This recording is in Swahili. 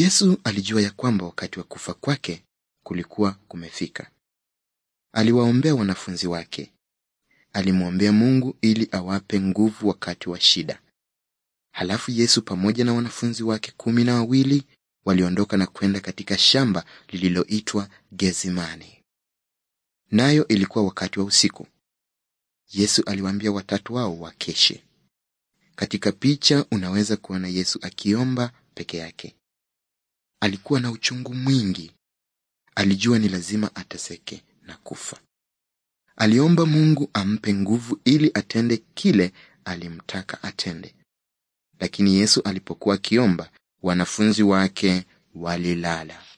Yesu alijua ya kwamba wakati wa kufa kwake kulikuwa kumefika. Aliwaombea wanafunzi wake. Alimwombea Mungu ili awape nguvu wakati wa shida. Halafu Yesu pamoja na wanafunzi wake kumi na wawili waliondoka na kwenda katika shamba lililoitwa gezimani Nayo ilikuwa wakati wa usiku. Yesu aliwaambia watatu wao wakeshe. Katika picha unaweza kuona Yesu akiomba peke yake. Alikuwa na uchungu mwingi. Alijua ni lazima ateseke na kufa. Aliomba Mungu ampe nguvu ili atende kile alimtaka atende. Lakini Yesu alipokuwa akiomba, wanafunzi wake walilala.